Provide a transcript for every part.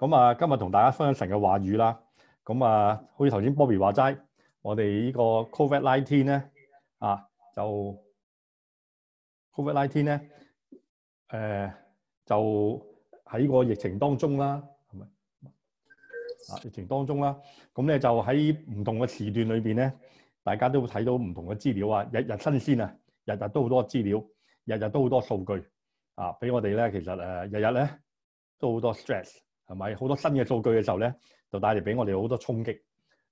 咁啊，今日同大家分享神嘅話語啦。咁啊，好似頭先 Bobby 話齋，我哋呢個 Covid nineteen 咧啊，就 Covid nineteen 咧，誒、啊、就喺個疫情當中啦，係咪啊？疫情當中啦，咁咧就喺唔同嘅時段裏邊咧，大家都會睇到唔同嘅資料啊，日日新鮮啊，日日都好多資料，日日都好多數據啊，俾我哋咧，其實誒日日咧都好多 stress。同埋好多新嘅數據嘅時候咧，就帶嚟俾我哋好多衝擊。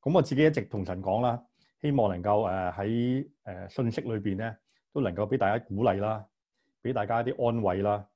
咁我自己一直同神講啦，希望能夠誒喺誒信息裏邊咧，都能夠俾大家鼓勵啦，俾大家一啲安慰啦。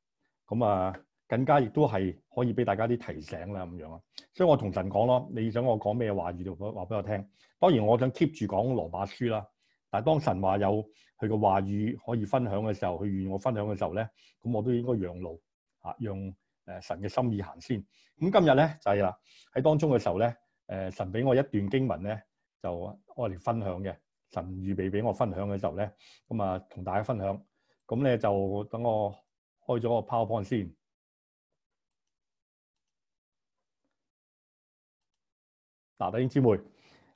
咁啊，更加亦都係可以俾大家啲提醒啦咁樣啊。所以我同神講咯，你想我講咩話語就話俾我聽。當然我想 keep 住講羅馬書啦，但係當神話有佢嘅話語可以分享嘅時候，佢願意我分享嘅時候咧，咁我都應該讓路嚇，讓。誒神嘅心意行先咁。今日咧就係、是、啦，喺當中嘅時候咧，誒、呃、神俾我一段經文咧，就我嚟分享嘅。神預備俾我分享嘅時候咧，咁啊同大家分享。咁咧就等我開咗個 PowerPoint 先嗱、啊，弟兄姊妹誒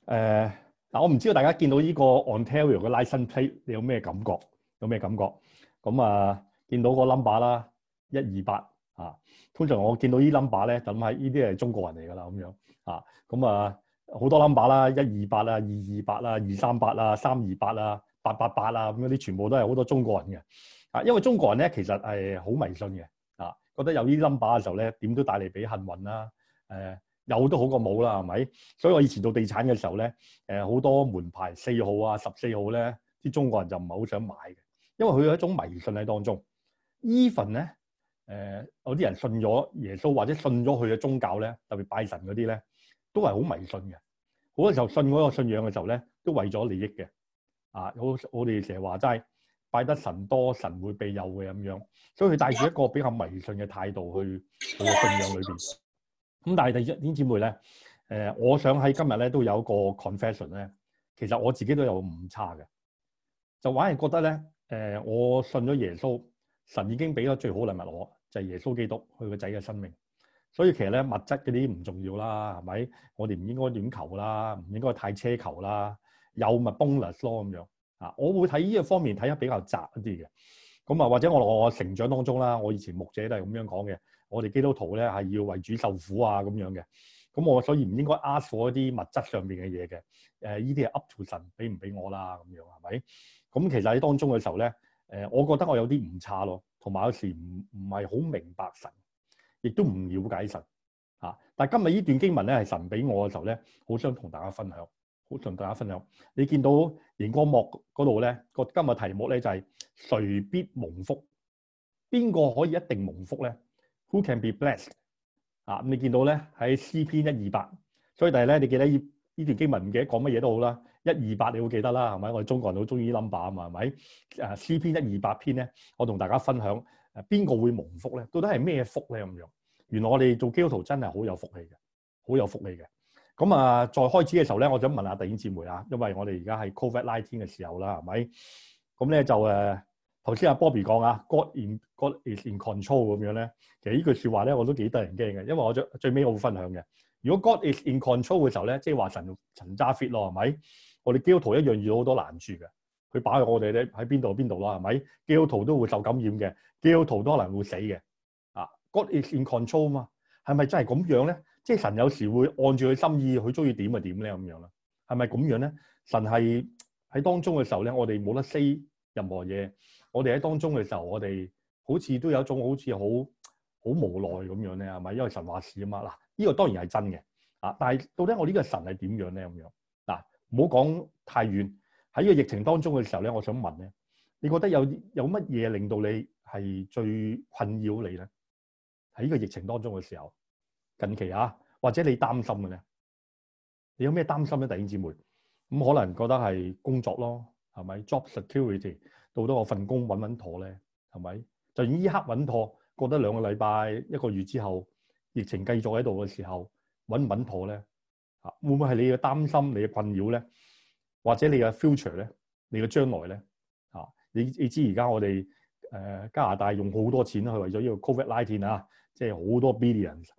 嗱、呃，我唔知道大家見到呢個 Ontario 嘅 license plate 你有咩感覺？有咩感覺？咁啊，見到個 number 啦，一二八。啊，通常我見到呢 number 咧，咁喺呢啲係中國人嚟噶啦，咁樣啊，咁啊好多 number 啦，一二八啦，二二八啦，二三八啦，三二八啦，八八八啦，咁嗰啲全部都係好多中國人嘅。啊，因為中國人咧其實係好迷信嘅，啊，覺得有呢啲 number 嘅時候咧，點都帶嚟俾幸運啦。誒、呃、有都好過冇啦，係咪？所以我以前做地產嘅時候咧，誒，好多門牌四號啊、十四號咧，啲中國人就唔係好想買嘅，因為佢有一種迷信喺當中。Even 咧～誒、呃，有啲人信咗耶穌或者信咗佢嘅宗教咧，特別拜神嗰啲咧，都係好迷信嘅。好多時候信嗰個信仰嘅時候咧，都為咗利益嘅。啊，我我哋成日話齋拜得神多，神會庇佑嘅咁樣，所以佢帶住一個比較迷信嘅態度去去信仰裏邊。咁但係第二點姊妹咧，誒、呃，我想喺今日咧都有一個 confession 咧，其實我自己都有誤差嘅，就反而覺得咧，誒、呃，我信咗耶穌，神已經俾咗最好嘅禮物我。就係耶穌基督佢個仔嘅生命，所以其實咧物質嗰啲唔重要啦，係咪？我哋唔應該亂求啦，唔應該太奢求啦。有咪 bonus 咯咁樣啊？我會睇呢個方面睇得比較窄一啲嘅。咁啊，或者我我成長當中啦，我以前牧者都係咁樣講嘅。我哋基督徒咧係要為主受苦啊咁樣嘅。咁我所以唔應該 ask for 一啲物質上邊嘅嘢嘅。誒，呢啲係 up to 神俾唔俾我啦咁樣係咪？咁其實喺當中嘅時候咧，誒，我覺得我有啲唔差咯。我某時唔唔係好明白神，亦都唔了解神吓，啊。但係今日呢段經文咧，係神俾我嘅時候咧，好想同大家分享，好想同大家分享。你見到熒光幕嗰度咧，個今日題目咧就係誰必蒙福？邊個可以一定蒙福咧？Who can be blessed？啊，咁你見到咧喺詩篇一二八，所以第日咧，你記得呢段經文唔記得講乜嘢都好啦。一二八你會記得啦，係咪？我哋中國人都中意 number 啊嘛，係咪？誒詩篇一二八篇咧，我同大家分享誒邊個會蒙福咧？到底係咩福咧？咁樣，原來我哋做基督徒真係好有福氣嘅，好有福氣嘅。咁啊，再開始嘅時候咧，我想問下弟兄姊妹啊，因為我哋而家係 COVID-19 嘅時候啦，係咪？咁咧就誒頭先阿 Bobby 講啊，啊 Bob God, in，God is God is in control 咁樣咧，其實呢句説話咧我都幾得人驚嘅，因為我最最尾我會分享嘅。如果 God is in control 嘅時候咧，即係話神神揸 fit 咯，係咪？我哋基督徒一樣遇到好多難處嘅，佢擺喺我哋咧喺邊度邊度咯，係咪？基督徒都會受感染嘅，基督徒都可能會死嘅。啊，God is in control 嘛，係咪真係咁樣咧？即係神有時會按住佢心意，佢中意點就點咧咁樣啦。係咪咁樣咧？神係喺當中嘅時候咧，我哋冇得 say 任何嘢。我哋喺當中嘅時候，我哋好似都有一種好似好好無奈咁樣咧，係咪？因為神話事啊嘛。嗱，呢、這個當然係真嘅啊，但係到底我呢個神係點樣咧咁樣？唔好講太遠，喺呢個疫情當中嘅時候咧，我想問咧，你覺得有有乜嘢令到你係最困擾你咧？喺呢個疫情當中嘅時候，近期啊，或者你擔心嘅咧，你有咩擔心咧？弟兄姊妹，咁、嗯、可能覺得係工作咯，係咪 job security 到到個份工穩唔穩妥咧？係咪？就算依刻穩妥，覺得兩個禮拜、一個月之後，疫情繼續喺度嘅時候，穩唔穩妥咧？會唔會係你嘅擔心、你嘅困擾咧？或者你嘅 future 咧？你嘅將來咧？啊！你你知而家我哋誒、呃、加拿大用好多錢去為咗呢個 COVID nineteen 啊，即係好多 billions。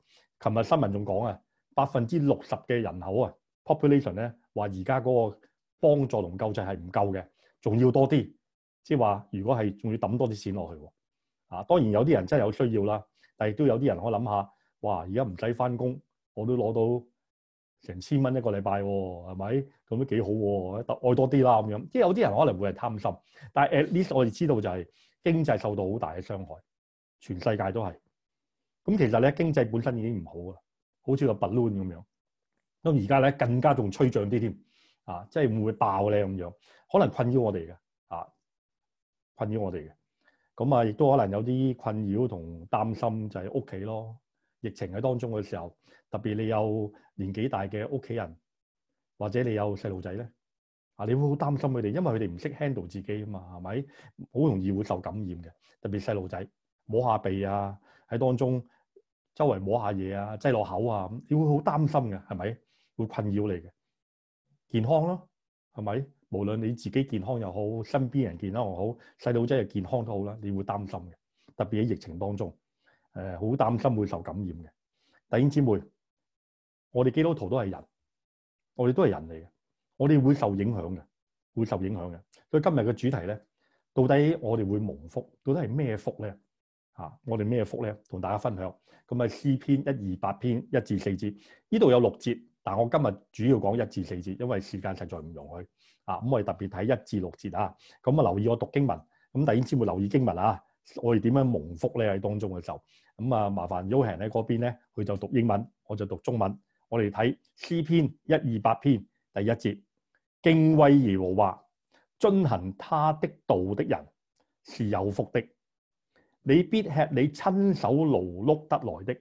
琴日新聞仲講啊，百分之六十嘅人口啊，population 咧話而家嗰個幫助同救濟係唔夠嘅，仲要多啲，即係話如果係仲要抌多啲錢落去喎。啊，當然有啲人真係有需要啦，但亦都有啲人可以諗下，哇！而家唔使返工，我都攞到。成千蚊一個禮拜喎，係咪咁都幾好喎、啊？愛多啲啦咁樣，即係有啲人可能會係貪心，但係 at least 我哋知道就係經濟受到好大嘅傷害，全世界都係。咁其實咧，經濟本身已經唔好啦，好似個 balloon 咁樣。咁而家咧，更加仲吹漲啲添，啊，即係會唔會爆咧咁樣？可能困擾我哋嘅，啊，困擾我哋嘅。咁啊，亦都可能有啲困擾同擔心就係屋企咯。疫情喺當中嘅時候，特別你有年紀大嘅屋企人，或者你有細路仔咧，啊你會好擔心佢哋，因為佢哋唔識 handle 自己啊嘛，係咪？好容易會受感染嘅，特別細路仔摸下鼻啊，喺當中周圍摸下嘢啊，擠落口啊，你會好擔心嘅，係咪？會困擾你嘅健康咯、啊，係咪？無論你自己健康又好，身邊人健康又好，細路仔又健康都好啦，你會擔心嘅，特別喺疫情當中。誒，好擔心會受感染嘅。弟兄姐妹，我哋基督徒都係人，我哋都係人嚟嘅，我哋會受影響嘅，會受影響嘅。所以今日嘅主題咧，到底我哋會蒙福，到底係咩福咧？啊，我哋咩福咧？同大家分享。咁啊，詩篇一二八篇一至四節，呢度有六節，但我今日主要講一至四節，因為時間實在唔容許。啊，咁我哋特別睇一至六節啊。咁啊，留意我讀經文，咁弟兄姐妹留意經文啊。我哋點樣蒙福咧？喺當中嘅時候，咁啊、oh，麻煩 Yohan 喺嗰邊咧，佢就讀英文，我就讀中文。我哋睇詩篇一二八篇第一節，敬畏耶和華，遵行他的道的人是有福的。你必吃你親手勞碌得來的，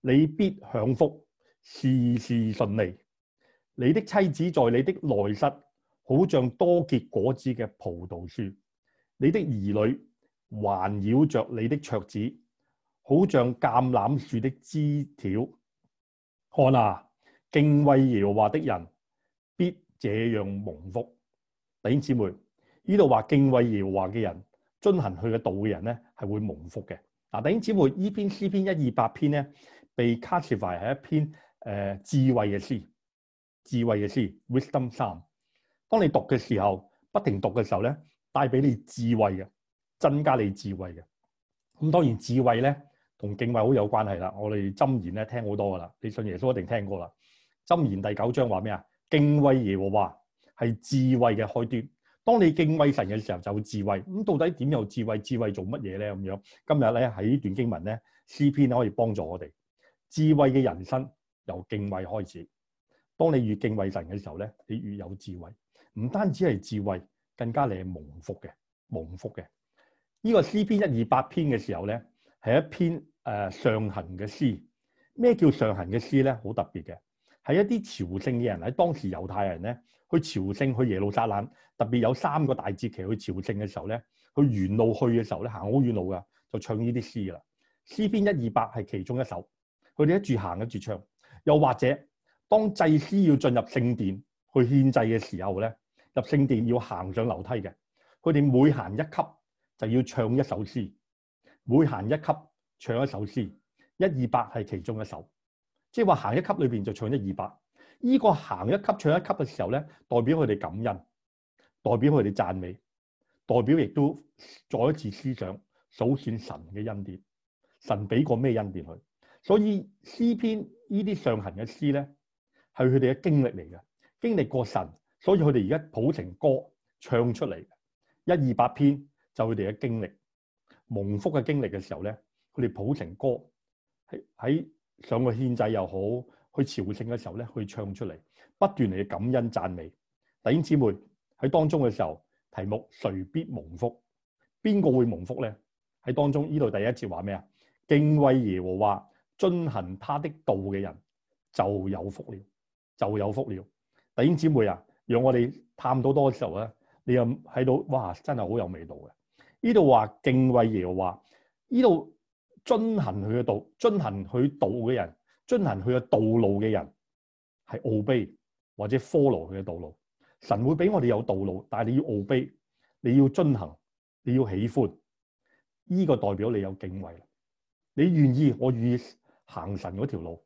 你必享福，事事順利。你的妻子在你的內室，好像多結果子嘅葡萄樹，你的兒女。環繞着你的桌子，好像橄欖樹的枝條。看啊，敬畏耶和華的人必這樣蒙福。弟兄姊妹，呢度話敬畏耶和華嘅人，遵行佢嘅道嘅人咧，係會蒙福嘅。嗱，弟兄姊妹，呢篇詩篇一二八篇咧，被 classify 係一篇誒智慧嘅詩，智慧嘅詩 Wisdom 三。當你讀嘅時候，不停讀嘅時候咧，帶俾你智慧嘅。增加你智慧嘅，咁當然智慧咧同敬畏好有關係啦。我哋箴言咧聽好多噶啦，你信耶穌一定聽過啦。箴言第九章話咩啊？敬畏耶和華係智慧嘅開端。當你敬畏神嘅時候就智慧。咁到底點有智慧？智慧做乜嘢咧？咁樣今日咧喺呢段經文咧，詩篇可以幫助我哋。智慧嘅人生由敬畏開始。當你越敬畏神嘅時候咧，你越有智慧。唔單止係智慧，更加你係蒙福嘅，蒙福嘅。呢個詩篇一二八篇嘅時候咧，係一篇誒、呃、上行嘅詩。咩叫上行嘅詩咧？好特別嘅，係一啲朝聖嘅人喺當時猶太人咧去朝聖去耶路撒冷，特別有三個大節期去朝聖嘅時候咧，去沿路去嘅時候咧，行好遠路噶，就唱呢啲詩啦。詩篇一二八係其中一首。佢哋一住行一住唱。又或者當祭司要進入聖殿去獻祭嘅時候咧，入聖殿要行上樓梯嘅，佢哋每行一級。係要唱一首詩，每行一級唱一首詩，一二八係其中一首，即係話行一級裏邊就唱一二八。呢個行一級唱一級嘅時候咧，代表佢哋感恩，代表佢哋讚美，代表亦都再一次思想數算神嘅恩典，神俾過咩恩典佢。所以詩篇呢啲上行嘅詩咧，係佢哋嘅經歷嚟嘅，經歷過神，所以佢哋而家譜成歌唱出嚟嘅。一二八篇。就佢哋嘅經歷，蒙福嘅經歷嘅時候咧，佢哋譜成歌，喺喺上個獻祭又好，去朝聖嘅時候咧，去唱出嚟，不斷嚟嘅感恩讚美。弟兄姊妹喺當中嘅時候，題目誰必蒙福？邊個會蒙福咧？喺當中呢度第一節話咩啊？敬畏耶和華遵行他的道嘅人就有福了，就有福了。弟兄姊妹啊，讓我哋探到多嘅時候咧，你又喺度：「哇，真係好有味道嘅。呢度話敬畏耶和華，呢度遵行佢嘅道，遵行佢道嘅人，遵行佢嘅道路嘅人係傲卑或者 follow 佢嘅道路。神會俾我哋有道路，但係你要傲卑，你要遵行，你要喜歡，呢個代表你有敬畏啦。你願意我願意行神嗰條路，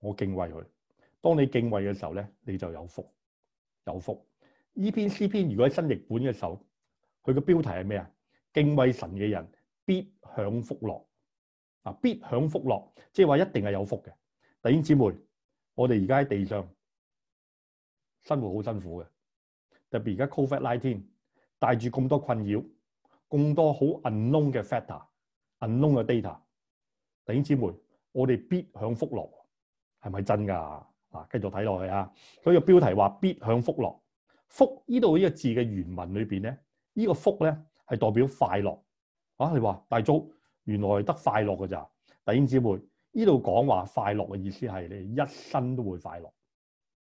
我敬畏佢。當你敬畏嘅時候咧，你就有福，有福。呢篇詩篇如果喺新譯本嘅時候。佢個標題係咩啊？敬畏神嘅人必享福樂啊！必享福樂，即係話一定係有福嘅。弟兄姊妹，我哋而家喺地上生活好辛苦嘅，特別而家 COVID-19 帶住咁多困擾，咁多好 unknown 嘅 factor、unknown 嘅 data。弟兄姊妹，我哋必享福樂，係咪真㗎？嗱，繼續睇落去啊！所以個標題話必享福樂，福呢度呢個字嘅原文裏邊咧。呢個福咧係代表快樂嚇、啊，你話大組原來得快樂嘅咋？弟兄姊妹，呢度講話快樂嘅意思係你一生都會快樂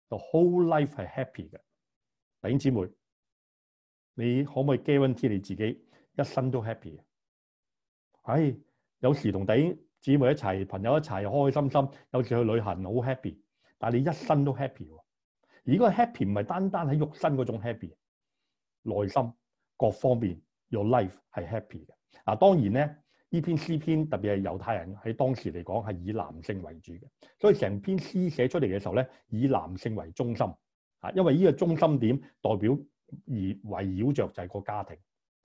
，the whole life 係 happy 嘅。弟兄姊妹，你可唔可以 guarantee 你自己一生都 happy？唉、哎，有時同弟兄姊妹一齊，朋友一齊又開開心心；有時去旅行好 happy，但係你一生都 happy 喎。而個 happy 唔係單單喺肉身嗰種 happy，內心。各方面 your life 係 happy 嘅。嗱，當然咧，呢篇詩篇特別係猶太人喺當時嚟講係以男性為主嘅，所以成篇詩寫出嚟嘅時候咧，以男性為中心啊，因為呢個中心點代表而圍繞着就係個家庭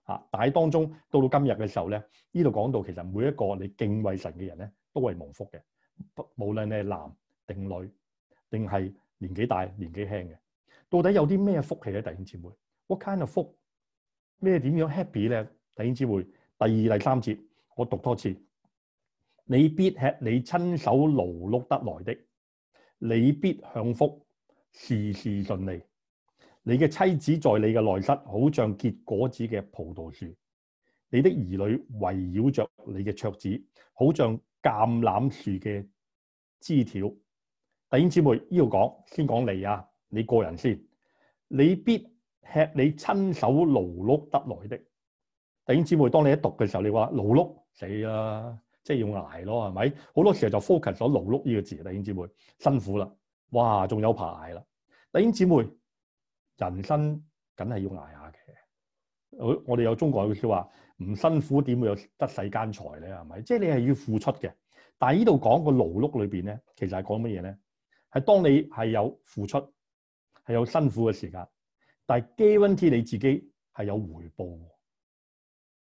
啊。但係當中到到今日嘅時候咧，呢度講到其實每一個你敬畏神嘅人咧，都係蒙福嘅，無論你係男定女，定係年紀大年紀輕嘅，到底有啲咩福氣咧？弟兄姊妹，what kind of 福？咩點樣 happy 咧？弟兄姊妹，第二、第三節我讀多次，你必吃你親手勞碌得來的，你必享福，事事順利。你嘅妻子在你嘅內室，好像結果子嘅葡萄樹；你的兒女圍繞着你嘅桌子，好像橄欖樹嘅枝條。弟兄姊妹，呢度講先講你啊，你個人先，你必。吃你親手勞碌得來的，弟兄姊妹，當你一讀嘅時候，你話勞碌死啦，即係要捱咯，係咪？好多時候就 focus 咗勞碌呢個字，弟兄姊妹，辛苦啦，哇，仲有排啦，弟兄姊妹，人生梗係要捱下嘅。我，我哋有中國有句說話，唔辛苦點會有得世間財咧？係咪？即係你係要付出嘅。但係呢度講個勞碌裏邊咧，其實係講乜嘢咧？係當你係有付出，係有辛苦嘅時間。但係 guarantee 你自己係有回報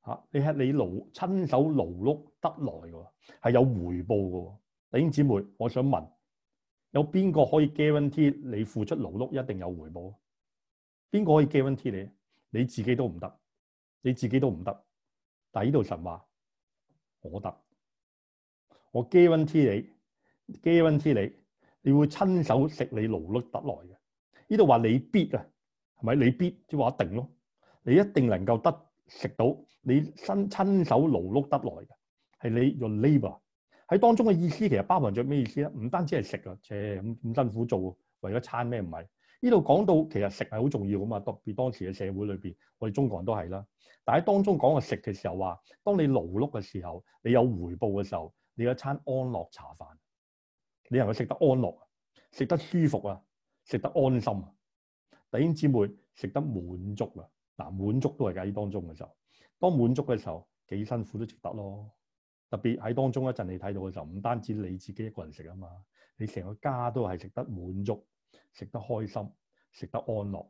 嚇、啊，你係你勞親手勞碌得來嘅喎，係有回報嘅。弟兄姊妹，我想問，有邊個可以 guarantee 你付出勞碌一定有回報？邊個可以 guarantee 你？你自己都唔得，你自己都唔得。但呢度神話，我得，我 guarantee 你，guarantee 你，你會親手食你勞碌得來嘅。呢度話你必啊！係咪？你必即話一定咯，你一定能夠得食到，你親親手勞碌得來嘅，係你用 labor，喺當中嘅意思其實包含咗咩意思咧？唔單止係食啊，切咁咁辛苦做，為咗餐咩唔係？呢度講到其實食係好重要噶嘛，特別當時嘅社會裏邊，我哋中國人都係啦。但係喺當中講個食嘅時候話，當你勞碌嘅時候，你有回報嘅時候，你有一餐安樂茶飯，你係咪食得安樂啊？食得舒服啊？食得安心啊？弟兄姊妹食得滿足啦，嗱滿足都係喺當中嘅時候，當滿足嘅時候幾辛苦都值得咯。特別喺當中一陣你睇到嘅時候，唔單止你自己一個人食啊嘛，你成個家都係食得滿足、食得開心、食得安樂，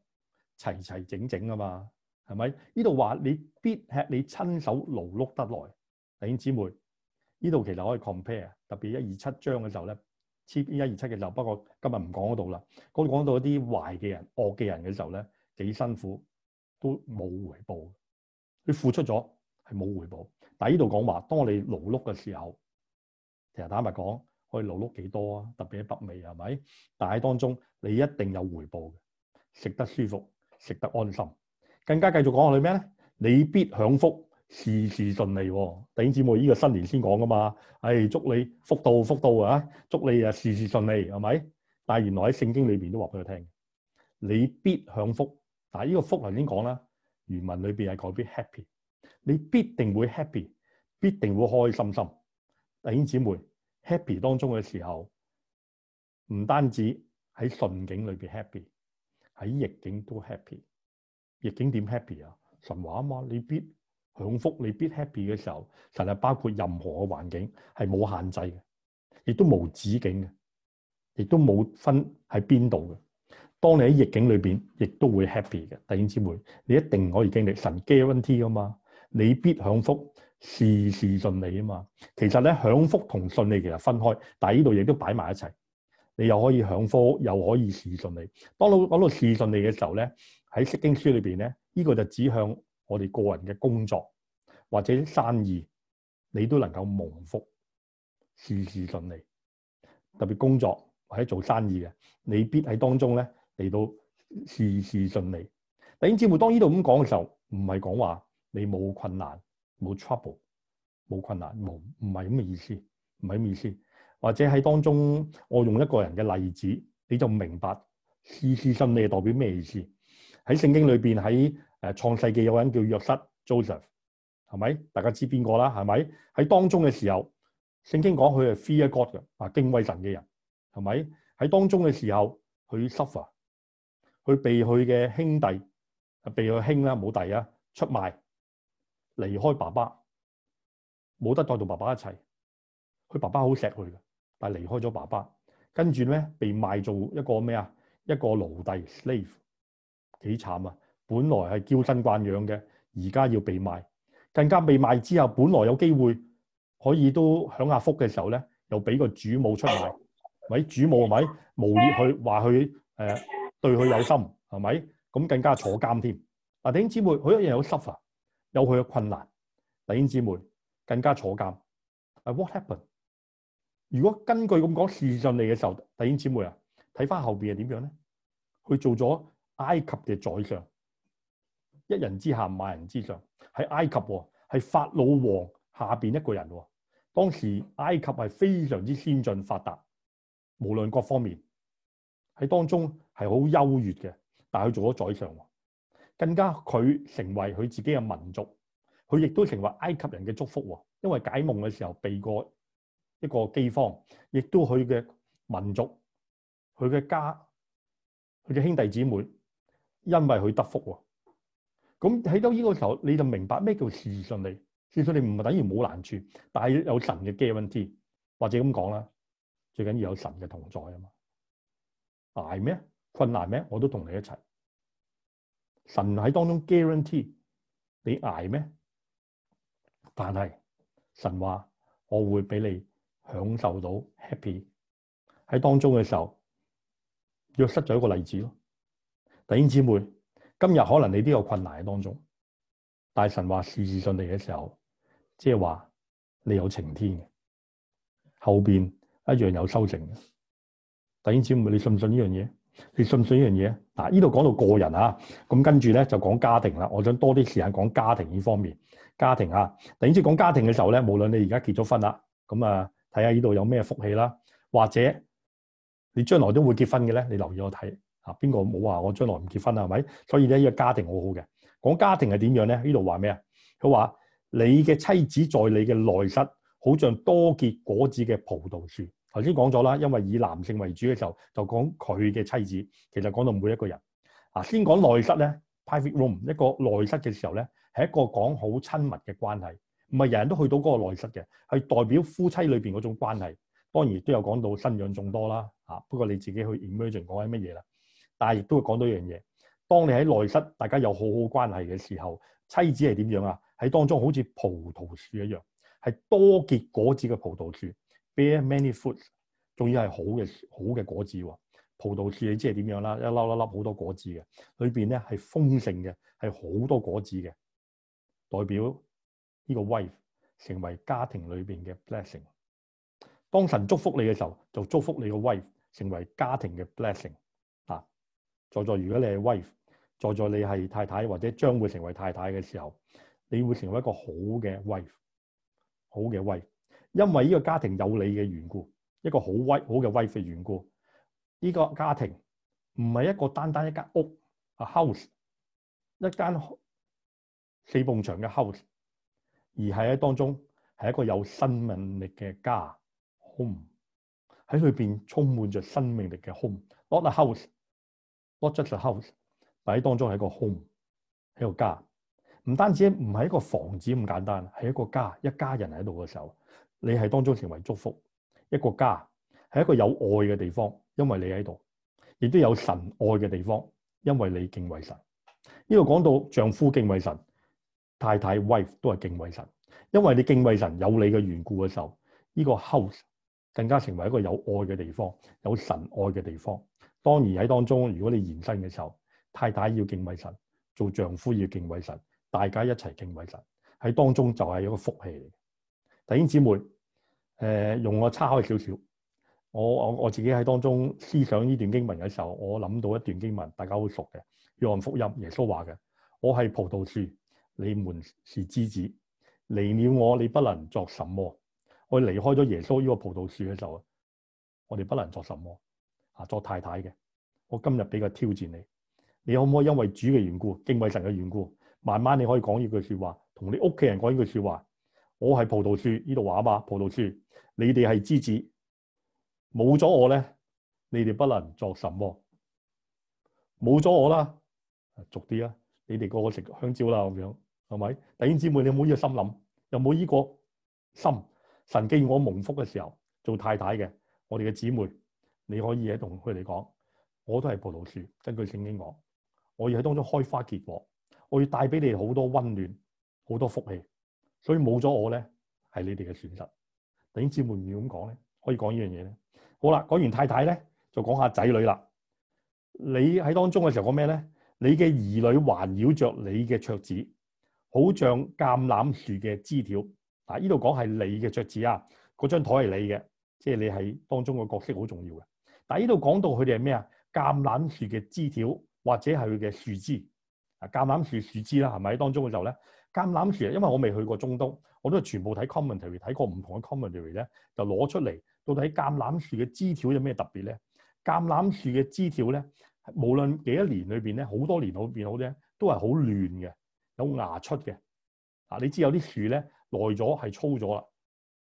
齊齊整整啊嘛，係咪？呢度話你必吃你親手勞碌得來，弟兄姊妹，呢度其實可以 compare，特別一二七章嘅時候咧。黐 B 一二七嘅時候，不過今日唔講嗰度啦。講講到一啲壞嘅人、惡嘅人嘅時候咧，幾辛苦都冇回報。你付出咗係冇回報，但呢度講話，當我哋勞碌嘅時候，其實坦白講，可以勞碌幾多啊？特別喺北美係咪？但係當中你一定有回報嘅，食得舒服、食得安心，更加繼續講落去咩咧？你必享福。事事順利，弟兄姊妹，呢、這個新年先講噶嘛？哎，祝你福到福到啊！祝你啊，事事順利係咪？但係原來喺聖經裏邊都話俾佢聽，你必享福。但係呢個福頭先講啦，原文裏邊係改必 happy，你必定會 happy，必定會開心心。弟兄姊妹，happy 當中嘅時候，唔單止喺順境裏邊 happy，喺逆境都 happy。逆境點 happy 啊？神話啊嘛，你必。享福你必 happy 嘅時候，實係包括任何嘅環境，係冇限制嘅，亦都冇止境嘅，亦都冇分喺邊度嘅。當你喺逆境裏邊，亦都會 happy 嘅。弟兄姊妹，你一定可以經歷神 guarantee 啊嘛，你必享福，事事順利啊嘛。其實咧，享福同順利其實分開，但係呢度亦都擺埋一齊。你又可以享福，又可以事順利。當你講到事順利嘅時候咧，喺《釋經書》裏邊咧，呢個就指向。我哋個人嘅工作或者生意，你都能夠蒙福，事事順利。特別工作或者做生意嘅，你必喺當中咧嚟，到事事順利。但係呢節目當呢度咁講嘅時候，唔係講話你冇困難、冇 trouble、冇困難、冇唔係咁嘅意思，唔係咁嘅意思。或者喺當中，我用一個人嘅例子，你就明白事事順利係代表咩意思。喺聖經裏邊喺，誒，創世紀有個人叫約瑟 （Joseph），係咪？大家知邊個啦？係咪？喺當中嘅時候，聖經講佢係 Fear God 嘅，啊敬畏神嘅人，係咪？喺當中嘅時候，佢 suffer，佢被佢嘅兄弟，被佢兄啦冇弟啊出賣，離開爸爸，冇得再同爸爸一齊。佢爸爸好錫佢嘅，但係離開咗爸爸，跟住咧被賣做一個咩啊？一個奴隸 （slave），幾慘啊！本來係嬌生慣養嘅，而家要被賣，更加被賣之後，本來有機會可以都享下福嘅時候咧，又俾個主母出嚟。咪主母係咪？謀逆佢話佢誒對佢有心，係咪？咁更加坐監添。嗱，弟兄姊妹，佢一樣有 suffer，有佢嘅困難。弟兄姊妹更加坐監，啊。What happened？如果根據咁講，試信嚟嘅時候，弟兄姊妹啊，睇翻後邊係點樣咧？佢做咗埃及嘅宰相。一人之下，萬人之上。喺埃及喎，係法老王下邊一個人喎。當時埃及係非常之先進發達，無論各方面喺當中係好優越嘅。但係佢做咗宰相，更加佢成為佢自己嘅民族，佢亦都成為埃及人嘅祝福喎。因為解夢嘅時候避過一個饑荒，亦都佢嘅民族、佢嘅家、佢嘅兄弟姊妹，因為佢得福喎。咁睇到呢個時候，你就明白咩叫事順利。事順利唔係等於冇難處，但係有神嘅 guarantee，或者咁講啦，最緊要有神嘅同在啊嘛。挨咩困難咩？我都同你一齊。神喺當中 guarantee 你挨咩？但係神話我會俾你享受到 happy 喺當中嘅時候，約瑟就一個例子咯。弟兄姊妹。今日可能你都有困難喺當中，大神話事事順利嘅時候，即係話你有晴天嘅，後邊一樣有修成嘅。弟兄姊妹，你信唔信呢樣嘢？你信唔信呢樣嘢？嗱，呢度講到個人啊，咁跟住咧就講家庭啦。我想多啲時間講家庭呢方面。家庭啊，弟兄姊妹講家庭嘅時候咧，無論你而家結咗婚啦，咁啊睇下呢度有咩福氣啦，或者你將來都會結婚嘅咧，你留意我睇。啊！邊個冇話我將來唔結婚啊？係咪？所以咧，呢個家庭好好嘅。講家庭係點樣咧？呢度話咩啊？佢話你嘅妻子在你嘅內室，好像多結果子嘅葡萄樹。頭先講咗啦，因為以男性為主嘅時候，就講佢嘅妻子。其實講到每一個人，嗱，先講內室咧 （private room），一個內室嘅時候咧，係一個講好親密嘅關係。唔係人人都去到嗰個內室嘅，係代表夫妻裏邊嗰種關係。當然亦都有講到生養眾多啦。啊，不過你自己去 emerging 講緊乜嘢啦？但係亦都會講到一樣嘢，當你喺內室，大家有好好關係嘅時候，妻子係點樣啊？喺當中好似葡萄樹一樣，係多結果子嘅葡萄樹，bear many fruits，仲要係好嘅好嘅果子喎。葡萄樹你知係點樣啦？一粒粒粒好多果子嘅，裏邊咧，係豐盛嘅，係好多果子嘅，代表呢個 wife 成為家庭裏邊嘅 blessing。當神祝福你嘅時候，就祝福你個 wife 成為家庭嘅 blessing。在座如果你係 wife，在座你係太太或者將會成為太太嘅時候，你會成為一個好嘅 wife，好嘅 wife，因為呢個家庭有你嘅緣故，一個 wife, 好威好嘅 wife 嘅緣故，呢、這個家庭唔係一個單單一間屋啊 house 一間四埲牆嘅 house，而係喺當中係一個有生命力嘅家 home 喺裏邊充滿着生命力嘅 home，not a house。Not just a house？但喺當中係一個 home，係個家。唔單止唔係一個房子咁簡單，係一個家，一家人喺度嘅時候，你係當中成為祝福。一個家係一個有愛嘅地方，因為你喺度，亦都有神愛嘅地方，因為你敬畏神。呢個講到丈夫敬畏神，太太 wife 都係敬畏神，因為你敬畏神有你嘅緣故嘅時候，呢個 house 更加成為一個有愛嘅地方，有神愛嘅地方。當而喺當中，如果你延伸嘅時候，太太要敬畏神，做丈夫要敬畏神，大家一齊敬畏神。喺當中就係一個福氣嚟嘅。弟兄姊妹，誒、呃、用我差開少少，我我我自己喺當中思想呢段經文嘅時候，我諗到一段經文，大家好熟嘅。《約翰福音》耶穌，耶穌話嘅：我係葡萄樹，你們是枝子。離了我，你不能作什麼。我離開咗耶穌呢個葡萄樹嘅時候，我哋不能作什麼。啊，做太太嘅，我今日比較挑戰你，你可唔可以因為主嘅緣故、敬畏神嘅緣故，慢慢你可以講呢句説話，同你屋企人講呢句説話。我係葡萄樹呢度話嘛，葡萄樹，你哋係枝子，冇咗我咧，你哋不能做什麼。冇咗我啦，俗啲啊，你哋個個食香蕉啦咁樣，係咪？弟兄姊妹，你有冇呢個心諗？有冇呢個心？神記我蒙福嘅時候，做太太嘅，我哋嘅姊妹。你可以喺同佢哋講，我都係葡萄樹，根據聖經講，我要喺當中開花結果，我要帶俾你好多溫暖、好多福氣，所以冇咗我咧係你哋嘅損失。點知會唔會咁講咧，可以講呢樣嘢咧。好啦，講完太太咧，就講下仔女啦。你喺當中嘅時候講咩咧？你嘅兒女環繞着你嘅桌子，好像橄欖樹嘅枝條。嗱，呢度講係你嘅桌子啊，嗰張台係你嘅，即係你喺當中個角色好重要嘅。但呢度講到佢哋係咩啊？橄欖樹嘅枝條或者係佢嘅樹枝啊，橄欖樹樹枝啦，係咪當中嘅時候咧？橄欖樹啊，因為我未去過中東，我都係全部睇 commentary 睇過唔同嘅 commentary 咧，就攞出嚟，到底橄欖樹嘅枝條有咩特別咧？橄欖樹嘅枝條咧，無論幾多年裏邊咧，好多年裏邊好咧，都係好亂嘅，有芽出嘅啊！你知有啲樹咧，耐咗係粗咗啦，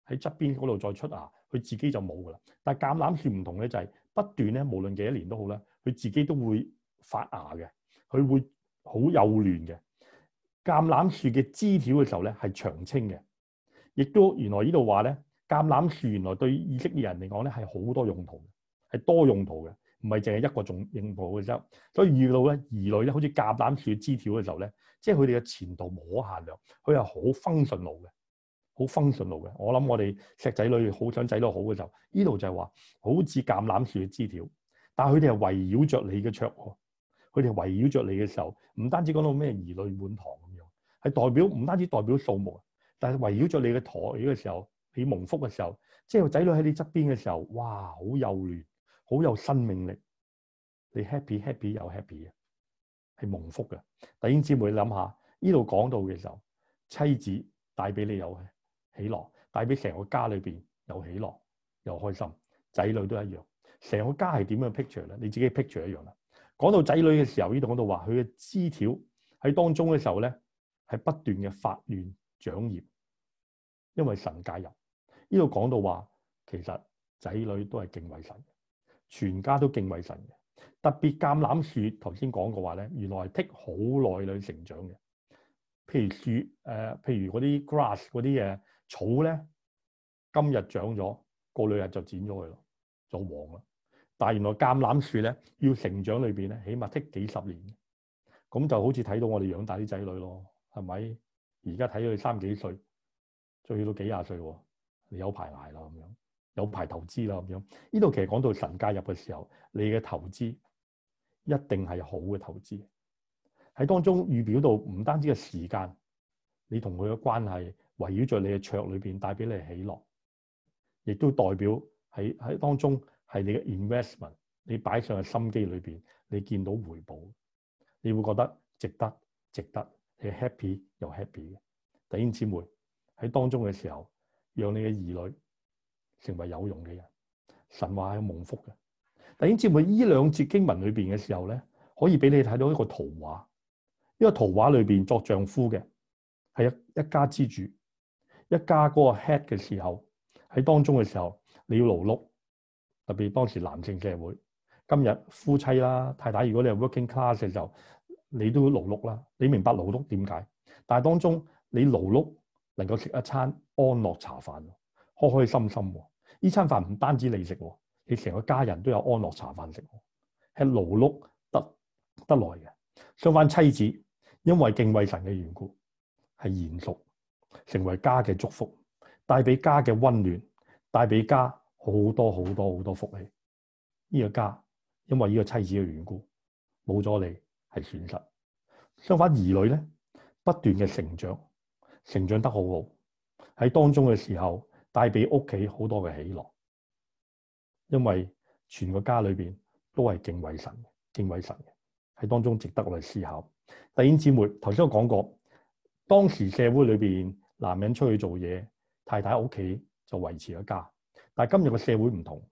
喺側邊嗰度再出芽，佢自己就冇噶啦。但係橄欖樹唔同咧，就係。不斷咧，無論幾多年都好啦，佢自己都會發芽嘅，佢會好幼嫩嘅。橄欖樹嘅枝條嘅時候咧，係長青嘅。亦都原來呢度話咧，橄欖樹原來對以色列人嚟講咧，係好多用途，係多用途嘅，唔係淨係一個種用途嘅啫。所以遇到咧兒女咧，好似橄欖樹嘅枝條嘅時候咧，即係佢哋嘅前途無可限量，佢係好豐順路嘅。好分順路嘅，我諗我哋錫仔女好想仔女好嘅時候，呢度就係話好似橄欖樹嘅枝條，但係佢哋係圍繞着你嘅桌，佢哋係圍繞着你嘅時候，唔單止講到咩兒女滿堂咁樣，係代表唔單止代表數目，但係圍繞着你嘅枱嘅時候，你蒙福嘅時候，即係個仔女喺你側邊嘅時候，哇！好幼嫩，好有生命力，你 happy happy 又 happy 啊，係蒙福㗎。弟兄姊妹，你諗下呢度講到嘅時候，妻子帶俾你有。喜樂帶俾成個家裏邊有喜樂又開心，仔女都一樣。成個家係點樣 picture 咧？你自己 picture 一樣啦。講到仔女嘅時候，呢度講到話佢嘅枝條喺當中嘅時候咧，係不斷嘅發嫩長葉，因為神介入。呢度講到話其實仔女都係敬畏神，全家都敬畏神嘅。特別橄欖樹頭先講過話咧，原來 take 好耐嚟成長嘅。譬如樹誒、呃，譬如嗰啲 grass 嗰啲嘢。草咧，今日長咗，過兩日就剪咗佢咯，就黃啦。但係原來橄籃樹咧，要成長裏邊咧，起碼積幾十年。咁就好似睇到我哋養大啲仔女咯，係咪？而家睇佢三幾歲，最到幾廿歲喎，你有排捱啦咁樣，有排投資啦咁樣。呢度其實講到神介入嘅時候，你嘅投資一定係好嘅投資。喺當中預表到唔單止係時間，你同佢嘅關係。圍繞在你嘅桌裏邊，帶俾你喜樂，亦都代表喺喺當中係你嘅 investment，你擺上嘅心機裏邊，你見到回報，你會覺得值得，值得，你係 happy 又 happy。弟兄姊妹喺當中嘅時候，讓你嘅兒女成為有用嘅人。神話係蒙福嘅。弟兄姊妹，呢兩節經文裏邊嘅時候呢，可以俾你睇到一個圖畫，呢個圖畫裡面，作丈夫嘅係一家之主。一家嗰個 head 嘅時候，喺當中嘅時候，你要勞碌。特別當時男性社會，今日夫妻啦、太太，如果你係 working class 嘅時候，你都勞碌啦。你明白勞碌點解？但係當中你勞碌能夠食一餐安樂茶飯，開開心心。呢餐飯唔單止你食，你成個家人都有安樂茶飯食。係勞碌得得來嘅。相反，妻子因為敬畏神嘅緣故，係賢淑。成為家嘅祝福，帶俾家嘅溫暖，帶俾家好多好多好多福氣。呢、這個家因為呢個妻子嘅緣故，冇咗你係損失。相反，兒女咧不斷嘅成長，成長得好好，喺當中嘅時候帶俾屋企好多嘅喜樂。因為全個家裏面都係敬畏神嘅，敬畏神嘅喺當中值得我哋思考。弟兄姊妹，頭先我講過，當時社會裏面。男人出去做嘢，太太屋企就維持咗家。但係今日個社會唔同，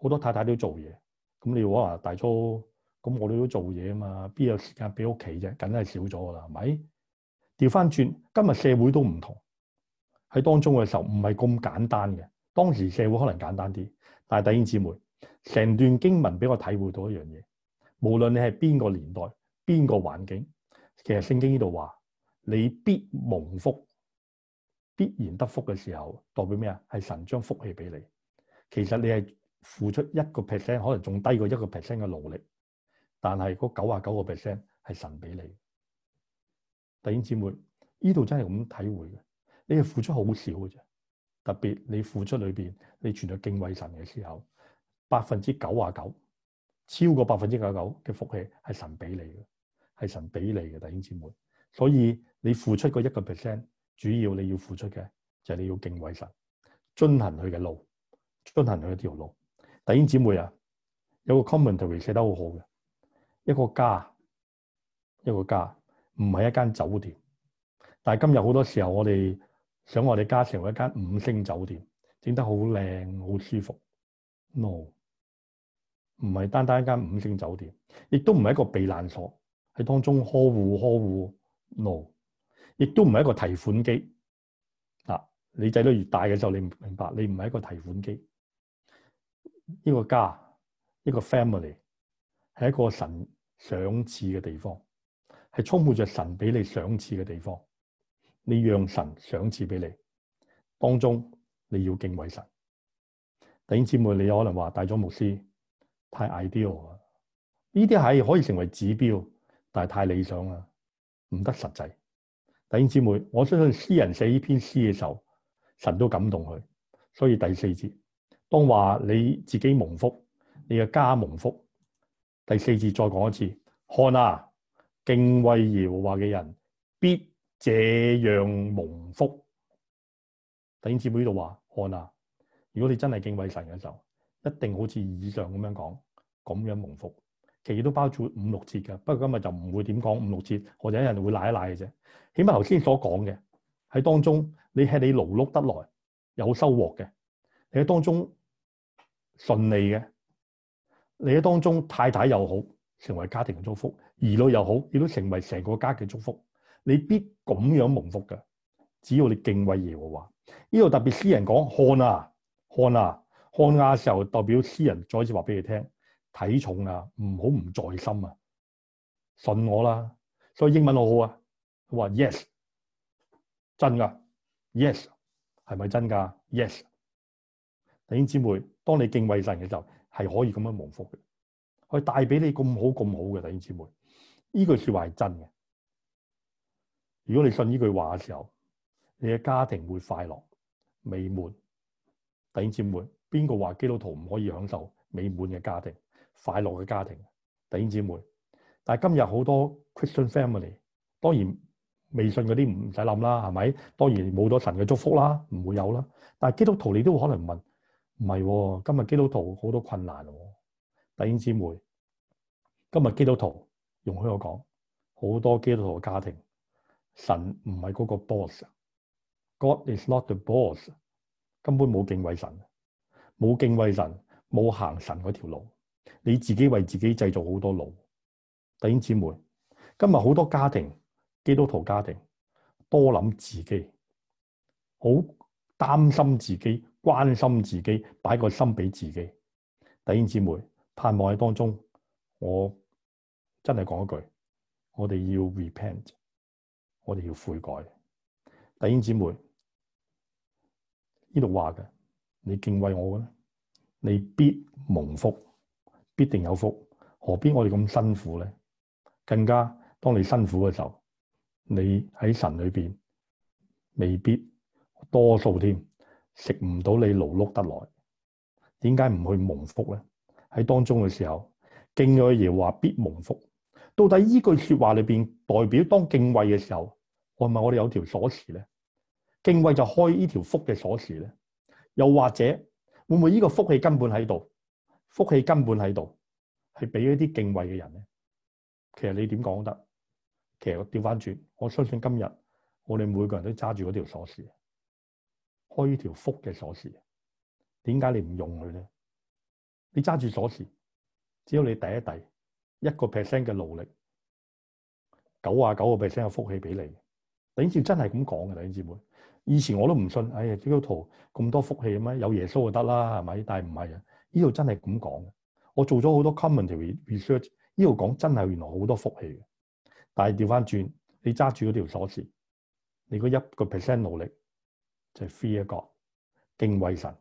好多太太都做嘢。咁你話大嫂，咁我哋都做嘢啊嘛，邊有時間俾屋企啫？梗係少咗噶啦，係咪？調翻轉，今日社會都唔同，喺當中嘅時候唔係咁簡單嘅。當時社會可能簡單啲，但係弟兄姊妹，成段經文俾我體會到一樣嘢，無論你係邊個年代、邊個環境，其實聖經呢度話你必蒙福。必然得福嘅時候，代表咩啊？係神將福氣俾你。其實你係付出一個 percent，可能仲低過一個 percent 嘅努力，但係嗰九啊九個 percent 係神俾你。弟兄姊妹，呢度真係咁體會嘅。你係付出好少嘅啫，特別你付出裏邊，你存在敬畏神嘅時候，百分之九啊九，超過百分之九啊九嘅福氣係神俾你嘅，係神俾你嘅，弟兄姊妹。所以你付出嗰一個 percent。主要你要付出嘅就係、是、你要敬畏神，遵行佢嘅路，遵行佢一條路。弟兄姊妹啊，有個 commentary 寫得好好嘅，一個家，一個家唔係一間酒店，但係今日好多時候我哋想我哋家成為一間五星酒店，整得好靚好舒服。No，唔係單單一間五星酒店，亦都唔係一個避難所喺當中呵護呵護。No。亦都唔係一個提款機嗱，你仔女越大嘅時候，你唔明白，你唔係一個提款機。呢個家，一個 family，係一個神賞賜嘅地方，係充滿着神俾你賞賜嘅地方。你讓神賞賜俾你，當中你要敬畏神。弟兄姊妹，你有可能話帶咗牧師太 ideal 啊，呢啲係可以成為指標，但係太理想啦，唔得實際。弟兄姊妹，我相信詩人寫呢篇詩嘅時候，神都感動佢。所以第四節，當話你自己蒙福，你嘅家蒙福。第四節再講一次，看啊，敬畏耶和華嘅人必這樣蒙福。弟兄姊妹呢度話，看啊，如果你真係敬畏神嘅時候，一定好似以上咁樣講，咁樣蒙福。佢都包住五六節嘅，不過今日就唔會點講五六節，或者有人會賴一賴嘅啫。起碼頭先所講嘅喺當中，你係你勞碌得來有收穫嘅，你喺當中順利嘅，你喺當中太太又好成為家庭祝福，兒女又好亦都成為成個家嘅祝福，你必咁樣蒙福嘅。只要你敬畏耶和華，呢度特別詩人講看啊看啊看啊嘅時候，代表詩人再次話俾你聽。體重啊，唔好唔在心啊！信我啦，所以英文好好啊！佢話 yes，真噶啊，yes 係咪真噶啊？yes 弟兄姊妹，當你敬畏神嘅時候，係可以咁樣蒙福嘅，佢帶俾你咁好咁好嘅。弟兄姊妹，呢句說話係真嘅。如果你信呢句話嘅時候，你嘅家庭會快樂美滿。弟兄姊妹，邊個話基督徒唔可以享受美滿嘅家庭？快樂嘅家庭，弟兄姊妹。但係今日好多 Christian family，當然未信嗰啲唔使諗啦，係咪？當然冇咗神嘅祝福啦，唔會有啦。但係基督徒你都可能問，唔係、啊，今日基督徒好多困難、啊。弟兄姊妹，今日基督徒容許我講，好多基督徒嘅家庭，神唔係嗰個 boss，God is not the boss，根本冇敬畏神，冇敬畏神，冇行神嗰條路。你自己為自己製造好多路，弟兄姊妹，今日好多家庭基督徒家庭多諗自己，好擔心自己，關心自己，擺個心俾自己。弟兄姊妹，盼望喺當中，我真係講一句，我哋要 repent，我哋要悔改。弟兄姊妹，呢度話嘅，你敬畏我嘅咧，你必蒙福。必定有福，何必我哋咁辛苦咧？更加，當你辛苦嘅時候，你喺神裏邊未必多數添，食唔到你勞碌得來。點解唔去蒙福咧？喺當中嘅時候，敬畏耶話必蒙福。到底呢句說話裏邊代表當敬畏嘅時候，我係咪我哋有條鎖匙咧？敬畏就開呢條福嘅鎖匙咧？又或者會唔會呢個福氣根本喺度？福氣根本喺度，係俾一啲敬畏嘅人咧。其實你點講得。其實我調翻轉，我相信今日我哋每個人都揸住嗰條鎖匙，開呢條福嘅鎖匙。點解你唔用佢咧？你揸住鎖匙，只要你第一抵，一個 percent 嘅努力，九啊九個 percent 嘅福氣俾你。弟兄姊妹真係咁講嘅。弟兄姊妹，以前我都唔信，哎呀，基督徒咁多福氣咁啊，有耶穌就得啦，係咪？但係唔係啊。呢度真係咁講嘅，我做咗好多 community research。呢度講真係原來好多福氣嘅，但係調翻轉，你揸住嗰條鎖匙，你嗰一個 percent 努力就係 fear 一個敬畏神。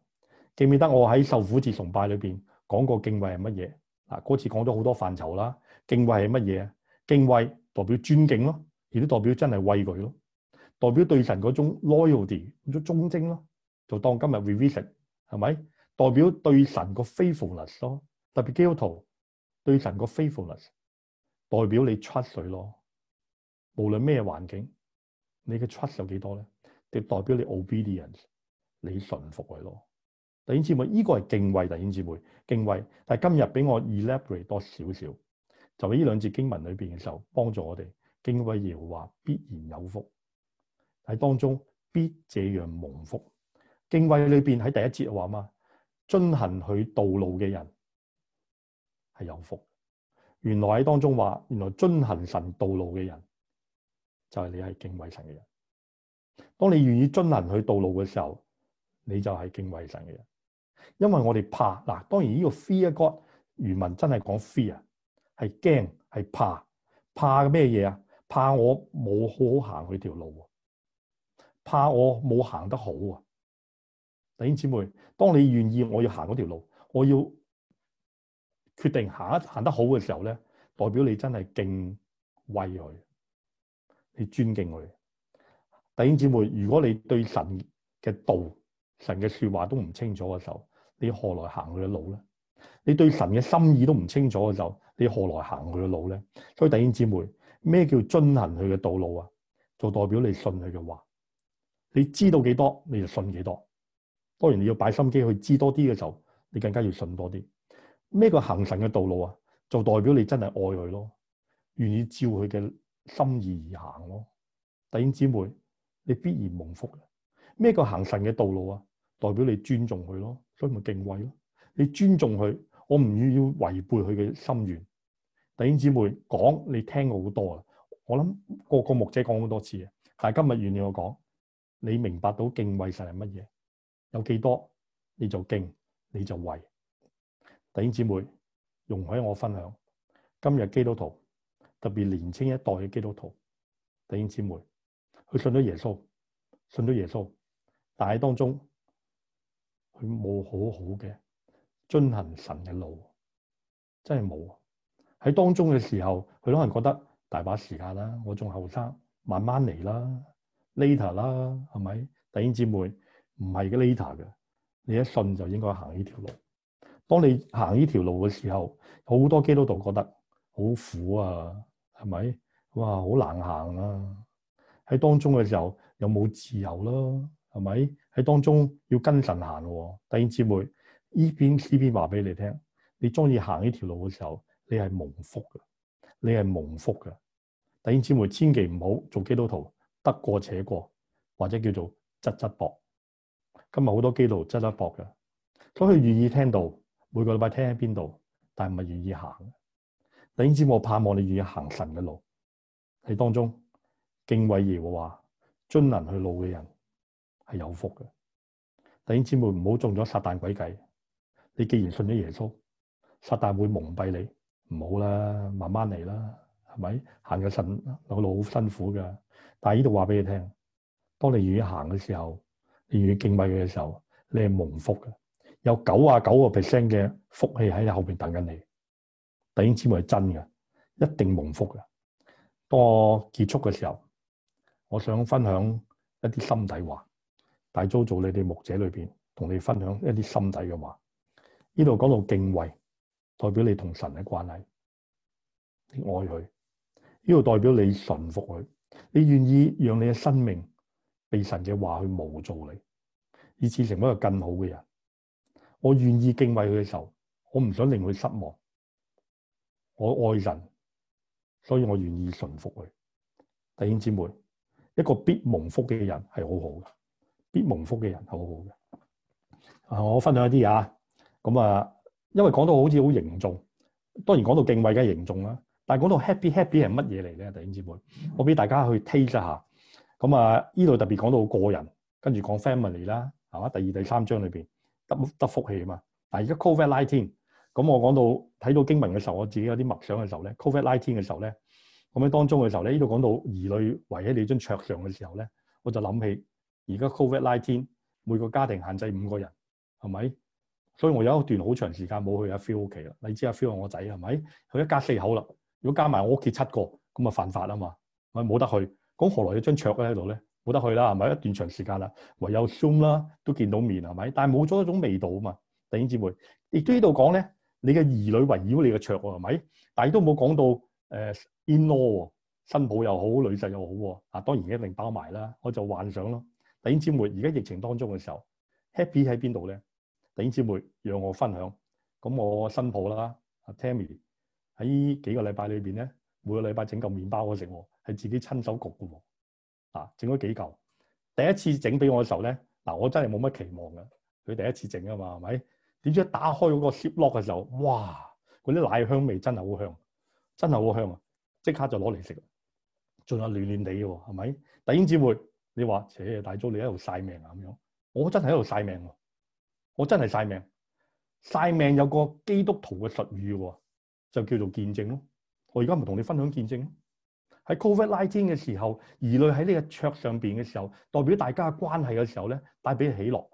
記唔記得我喺受苦節崇拜裏邊講過敬畏係乜嘢？嗱，嗰次講咗好多範疇啦。敬畏係乜嘢？敬畏代表尊敬咯，亦都代表真係畏懼咯，代表對神嗰種 loyalty，嗰種忠貞咯。就當今日 revisit 係咪？代表對神個 faithfulness 咯，特別基督徒對神個 faithfulness，代表你出水咯。無論咩環境，你嘅出水有幾多咧？就代表你 obedience，你順服佢咯。弟兄姊妹，呢、這個係敬畏。弟兄姊妹，敬畏。但係今日俾我 elaborate 多少少，就喺呢兩節經文裏邊嘅時候，幫助我哋敬畏嘅話，必然有福。喺當中必這樣蒙福。敬畏裏邊喺第一節話嘛。遵行佢道路嘅人係有福。原來喺當中話，原來遵行神道路嘅人就係、是、你係敬畏神嘅人。當你願意遵行佢道路嘅時候，你就係敬畏神嘅人。因為我哋怕嗱，當然呢個 fear God，原文真係講 fear 啊，係驚係怕，怕嘅咩嘢啊？怕我冇好好行佢條路啊，怕我冇行得好啊。弟兄姊妹，當你願意我要行嗰條路，我要決定行一行得好嘅時候咧，代表你真係敬畏佢，你尊敬佢。弟兄姊妹，如果你對神嘅道、神嘅說話都唔清楚嘅時候，你何來行佢嘅路咧？你對神嘅心意都唔清楚嘅時候，你何來行佢嘅路咧？所以弟兄姊妹，咩叫遵行佢嘅道路啊？就代表你信佢嘅話，你知道幾多，你就信幾多。當然你要擺心機去知多啲嘅時候，你更加要信多啲。咩個行神嘅道路啊？就代表你真係愛佢咯，願意照佢嘅心意而行咯。弟兄姊妹，你必然蒙福。咩個行神嘅道路啊？代表你尊重佢咯，所以咪敬畏咯。你尊重佢，我唔願意違背佢嘅心願。弟兄姊妹，講你聽過好多啊，我諗個個牧者講好多次啊，但係今日原諒我講，你明白到敬畏神係乜嘢？有幾多你就敬，你就為弟兄姊妹容許我分享。今日基督徒特別年輕一代嘅基督徒弟兄姊妹，佢信咗耶穌，信咗耶穌，但係當中佢冇好好嘅遵行神嘅路，真係冇。喺當中嘅時候，佢可能覺得大把時間啦，我仲後生，慢慢嚟啦，later 啦，係咪？弟兄姊妹。唔係嘅 later 嘅，你一信就應該行呢條路。當你行呢條路嘅時候，好多基督徒覺得好苦啊，係咪？哇，好難行啊！喺當中嘅時候又冇自由啦、啊，係咪？喺當中要跟神行喎、啊。弟兄姊妹，呢邊呢邊話俾你聽，你中意行呢條路嘅時候，你係蒙福嘅，你係蒙福嘅。弟兄姊妹，千祈唔好做基督徒得過且過，或者叫做質質薄。今日好多基督徒真係搏嘅，所以願意聽到每個禮拜聽喺邊度，但唔係願意行。弟兄姊妹，盼望你願意行神嘅路，喺當中敬畏耶和華、遵能去路嘅人係有福嘅。弟兄姊妹，唔好中咗撒旦鬼計，你既然信咗耶穌，撒旦會蒙蔽你，唔好啦，慢慢嚟啦，係咪？行嘅神有個路好辛苦嘅，但係呢度話俾你聽，當你願意行嘅時候。你越敬畏佢嘅時候，你係蒙福嘅。有九啊九個 percent 嘅福氣喺後面等緊你。弟兄姊妹係真嘅，一定蒙福嘅。當我結束嘅時候，我想分享一啲心底話。大周做你哋牧者裏面，同你分享一啲心底嘅話。呢度講到敬畏，代表你同神嘅關係，你愛佢。呢度代表你順服佢，你願意讓你嘅生命。被神嘅話去無助你，以至成為一個更好嘅人。我願意敬畏佢嘅時候，我唔想令佢失望。我愛神，所以我願意順服佢。弟兄姊妹，一個必蒙福嘅人係好好嘅，必蒙福嘅人係好好嘅。啊，我分享一啲啊，咁啊，因為講到好似好凝重，當然講到敬畏梗係凝重啦。但係講到 happy happy 係乜嘢嚟咧？弟兄姊妹，我俾大家去 taste 一下。咁啊，呢度特別講到個人，跟住講 family 啦，係嘛？第二、第三章裏邊得得福氣啊嘛。但係而家 Covid nineteen，咁我講到睇到經文嘅時候，我自己有啲默想嘅時候咧，Covid nineteen 嘅時候咧，咁喺當中嘅時候咧，呢度講到兒女圍喺你張桌上嘅時候咧，我就諗起而家 Covid nineteen 每個家庭限制五個人，係咪？所以我有一段好長時間冇去阿 Phil 屋企啦。你知阿 Phil 係我仔，係咪？佢一家四口啦，如果加埋我屋企七個，咁啊犯法啊嘛，咪冇得去。咁何來有張桌咧喺度咧？冇得去啦，係咪一段長時間啦？唯有 Zoom 啦，都見到面係咪？但係冇咗一種味道啊嘛！弟兄姊妹，亦都呢度講咧，你嘅兒女圍繞你嘅桌喎係咪？但係都冇講到誒、呃、in law，新抱又好，女婿又好喎。啊，當然一定包埋啦。我就幻想咯，弟兄姊妹，而家疫情當中嘅時候，happy 喺邊度咧？弟兄姊妹，讓我分享。咁我新抱啦，阿 Tammy 喺幾個禮拜裏邊咧，每個禮拜整嚿麵包我食喎。係自己親手焗嘅喎，啊整咗幾嚿，第一次整俾我嘅時候咧，嗱我真係冇乜期望嘅，佢第一次整啊嘛，係咪？點知一打開嗰個 Ziploc 嘅時候，哇！嗰啲奶香味真係好香，真係好香啊！即刻就攞嚟食，仲有暖暖地嘅喎，係咪？弟兄姊妹，你話，扯大早你喺度晒命啊咁樣？我真係喺度晒命喎、啊，我真係晒命、啊，晒命、啊、命有個基督徒嘅術語喎、啊，就叫做見證咯。我而家唔同你分享見證喺 covert i g h t i n 嘅時候，疑慮喺呢個桌上邊嘅時候，代表大家嘅關係嘅時候咧，帶俾喜樂。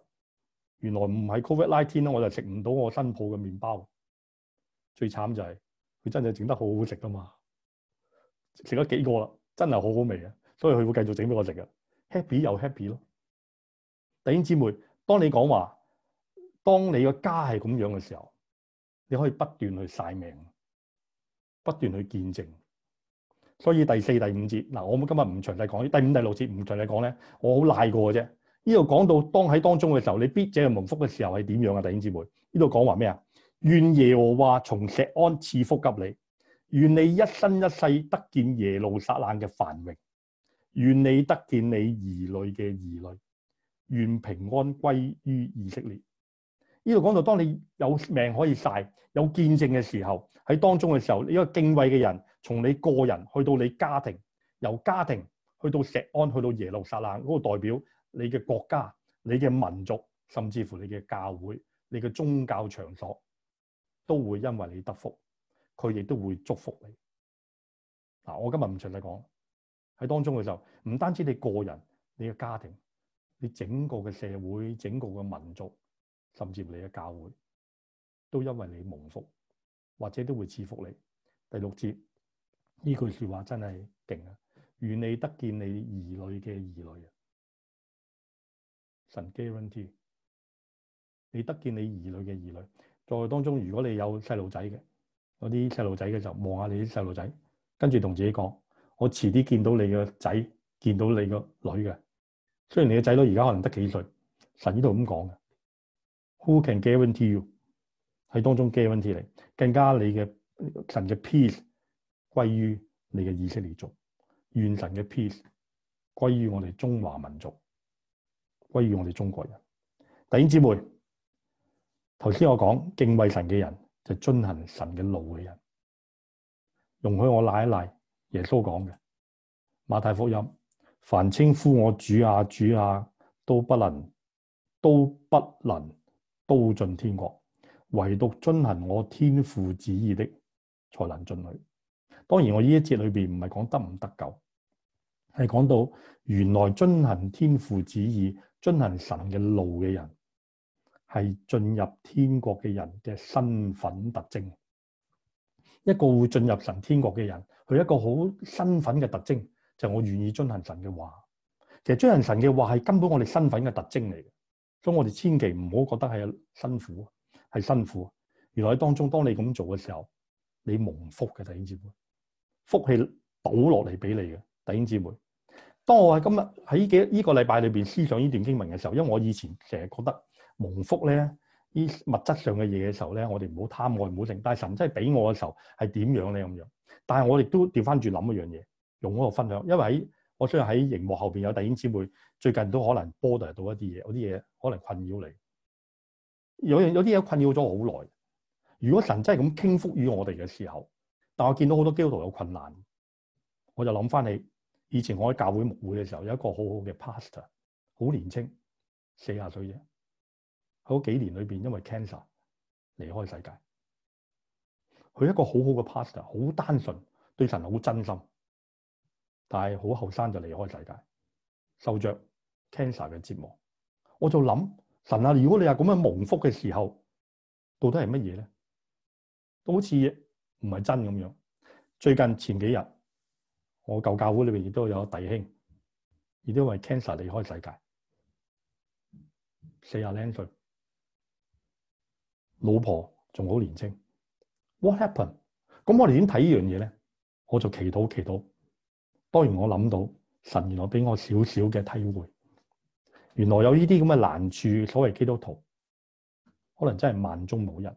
原來唔係 covert i g h t i n g 我就食唔到我新抱嘅麵包。最慘就係佢真係整得好好食噶嘛，食咗幾個啦，真係好好味啊！所以佢會繼續整俾我食嘅。Happy 又 happy 咯。弟兄姊妹，當你講話，當你個家係咁樣嘅時候，你可以不斷去晒命，不斷去見證。所以第四、第五節嗱，我今日唔詳細講。第五、第六節唔詳細講咧，我好賴過嘅啫。呢度講到當喺當中嘅時候，你必者係蒙福嘅時候係點樣啊？弟兄姊妹，呢度講話咩啊？願耶和華從錫安賜福給你，願你一生一世得見耶路撒冷嘅繁榮，願你得見你兒女嘅兒女，願平安歸於以色列。呢度講到當你有命可以晒、有見證嘅時候，喺當中嘅時候，你一個敬畏嘅人。從你個人去到你家庭，由家庭去到石安，去到耶路撒冷，嗰個代表你嘅國家、你嘅民族，甚至乎你嘅教會、你嘅宗教場所，都會因為你得福，佢亦都會祝福你。嗱，我今日唔詳細講，喺當中嘅時候，唔單止你個人、你嘅家庭、你整個嘅社會、整個嘅民族，甚至乎你嘅教會，都因為你蒙福，或者都會賜福你。第六節。呢句説話真係勁啊！願你,你,你得見你兒女嘅兒女啊，神 guarantee 你得見你兒女嘅兒女。在當中，如果你有細路仔嘅嗰啲細路仔嘅時候，望下你啲細路仔，跟住同自己講：我遲啲見到你個仔，見到你個女嘅。雖然你嘅仔女而家可能得幾歲，神呢度咁講嘅。Who can guarantee you 係當中 guarantee 你，更加你嘅神嘅 peace。歸於你嘅以色列族，願神嘅 peace 歸於我哋中華民族，歸於我哋中國人。弟兄姊妹，頭先我講敬畏神嘅人就係遵行神嘅路嘅人，容許我賴一賴。耶穌講嘅馬太福音，凡稱呼我主啊主啊，都不能都不能都進天國，唯獨遵行我天父旨意的才能進去。當然，我呢一節裏邊唔係講得唔得救，係講到原來遵行天父旨意、遵行神嘅路嘅人，係進入天國嘅人嘅身份特徵。一個會進入神天國嘅人，佢一個好身份嘅特徵就係我願意遵行神嘅話。其實遵行神嘅話係根本我哋身份嘅特徵嚟，所以我哋千祈唔好覺得係辛苦，係辛苦。原來喺當中，當你咁做嘅時候，你蒙福嘅。第二節。福氣倒落嚟俾你嘅，弟兄姊妹。當我喺今日喺呢幾呢個禮拜裏邊思想呢段經文嘅時候，因為我以前成日覺得蒙福咧，呢物質上嘅嘢嘅時候咧，我哋唔好貪愛，唔好成。但係神真係俾我嘅時候，係點樣咧咁樣？但係我哋都調翻轉諗一樣嘢，用嗰個分享。因為喺我相信喺熒幕後邊有弟兄姊妹，最近都可能波及到一啲嘢，有啲嘢可能困擾你。有有啲嘢困擾咗好耐。如果神真係咁傾覆於我哋嘅時候，但我見到好多基督徒有困難，我就諗返起以前我喺教會牧會嘅時候，有一個好好嘅 pastor，好年青，四十歲啫。喺嗰幾年裏邊，因為 cancer 離開世界。佢一個好好嘅 pastor，好單純，對神好真心，但係好後生就離開世界，受着 cancer 嘅折磨。我就諗神啊，如果你係咁樣蒙福嘅時候，到底係乜嘢咧？都好似。唔係真咁樣。最近前幾日，我舊教會裏邊亦都有弟兄，亦都因為 cancer 離開世界，四廿零歲，老婆仲好年青。What happened？咁我哋點睇呢樣嘢咧？我就祈禱祈禱。當然我，我諗到神原來俾我少少嘅體會，原來有呢啲咁嘅難處。所謂基督徒，可能真係萬中無一，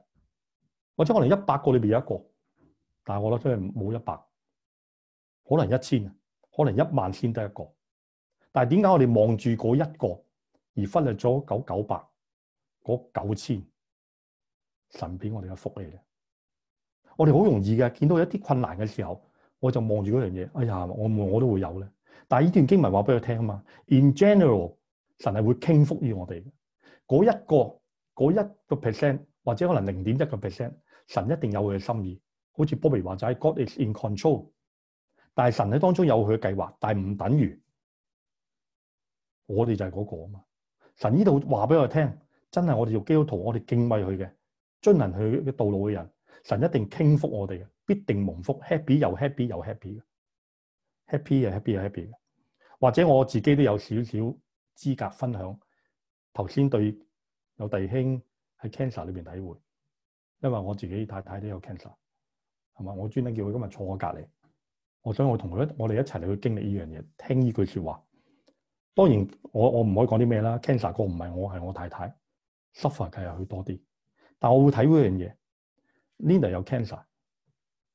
或者可能一百個裏邊有一個。但係我覺得真係冇一百，可能一千，可能一萬先得一個。但係點解我哋望住嗰一個而忽略咗九九百，九千神俾我哋嘅福利咧？我哋好容易嘅，見到一啲困難嘅時候，我就望住嗰樣嘢。哎呀，我我都會有咧。但係呢段經文話俾佢聽啊嘛。In general，神係會傾福於我哋。嗰一個，嗰一個 percent 或者可能零點一個 percent，神一定有佢嘅心意。好似 Bobby 話齋 God is in control，但係神喺當中有佢嘅計劃，但係唔等於我哋就係嗰個啊嘛。神呢度話俾我哋聽，真係我哋做基督徒，我哋敬畏佢嘅，遵行佢嘅道路嘅人，神一定傾福我哋嘅，必定蒙福，happy 又 happy 又 happy 嘅，happy 又 happy 又 happy 嘅。或者我自己都有少少資格分享，頭先對有弟兄喺 cancer 裏邊體會，因為我自己太太都有 cancer。係嘛？我專登叫佢今日坐我隔離，我想我同佢一，我哋一齊嚟去經歷呢樣嘢，聽呢句説話。當然，我我唔可以講啲咩啦。Cancer 個唔係我，係我太太，suffer 佢係去多啲。但我會睇嗰樣嘢。Linda 有 cancer，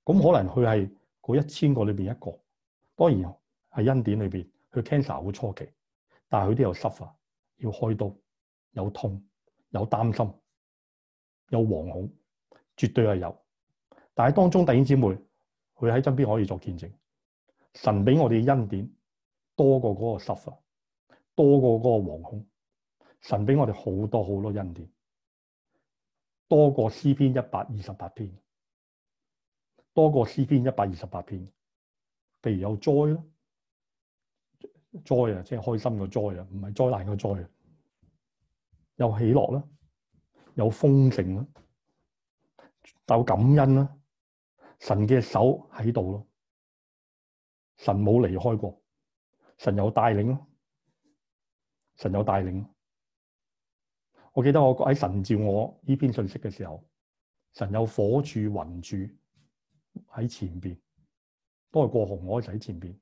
咁可能佢係嗰一千個裏邊一個。當然喺恩典裏邊，佢 cancer 好初期，但係佢都有 suffer，要開刀，有痛，有擔心，有惶恐，絕對係有。但係當中弟兄姊妹，佢喺身邊可以作見證，神俾我哋嘅恩典多過嗰個 suffer，多過嗰個惶恐，神俾我哋好多好多恩典，多過詩篇一百二十八篇，多過詩篇一百二十八篇。譬如有 joy 啦 joy 啊，即係開心嘅 joy 啊，唔係災難嘅災啊。有喜樂啦，有豐盛啦，有感恩啦。神嘅手喺度咯，神冇離開過，神有帶領咯，神有帶領。我記得我喺神召我呢篇信息嘅時候，神有火柱、雲柱喺前邊，都係過紅我喺前邊，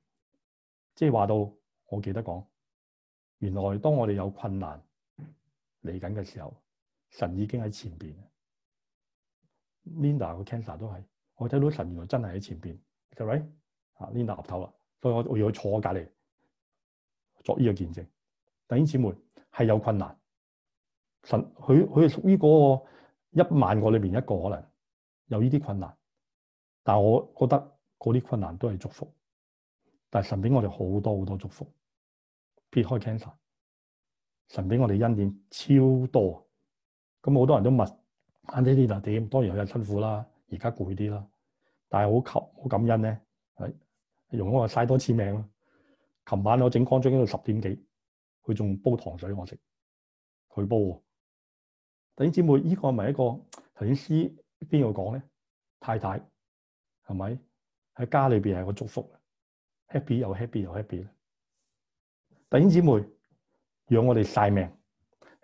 即係話到，我記得講，原來當我哋有困難嚟緊嘅時候，神已經喺前邊。Linda 個 cancer 都係。我睇到神原來真係喺前邊，係咪？啊，岌頭啦，所以我要去，我要坐隔離作呢個見證。弟兄姊妹，係有困難，神佢佢係屬於嗰個一萬個裏邊一個，可能有呢啲困難。但我覺得嗰啲困難都係祝福。但神俾我哋好多好多祝福，撇開 cancer，神俾我哋恩典超多。咁好多人都問啱啲啲嗱點，當然佢又辛苦啦。而家攰啲啦，但係好感好感恩咧。係、哎、容我話嘥多次命啦。琴晚我整光追到十點幾，佢仲煲糖水我食，佢煲。啊，弟兄姊妹，依、這個係咪一個頭先師邊個講咧？太太係咪喺家裏邊係個祝福？Happy 又 Happy 又 Happy。弟兄姊妹，讓我哋晒命，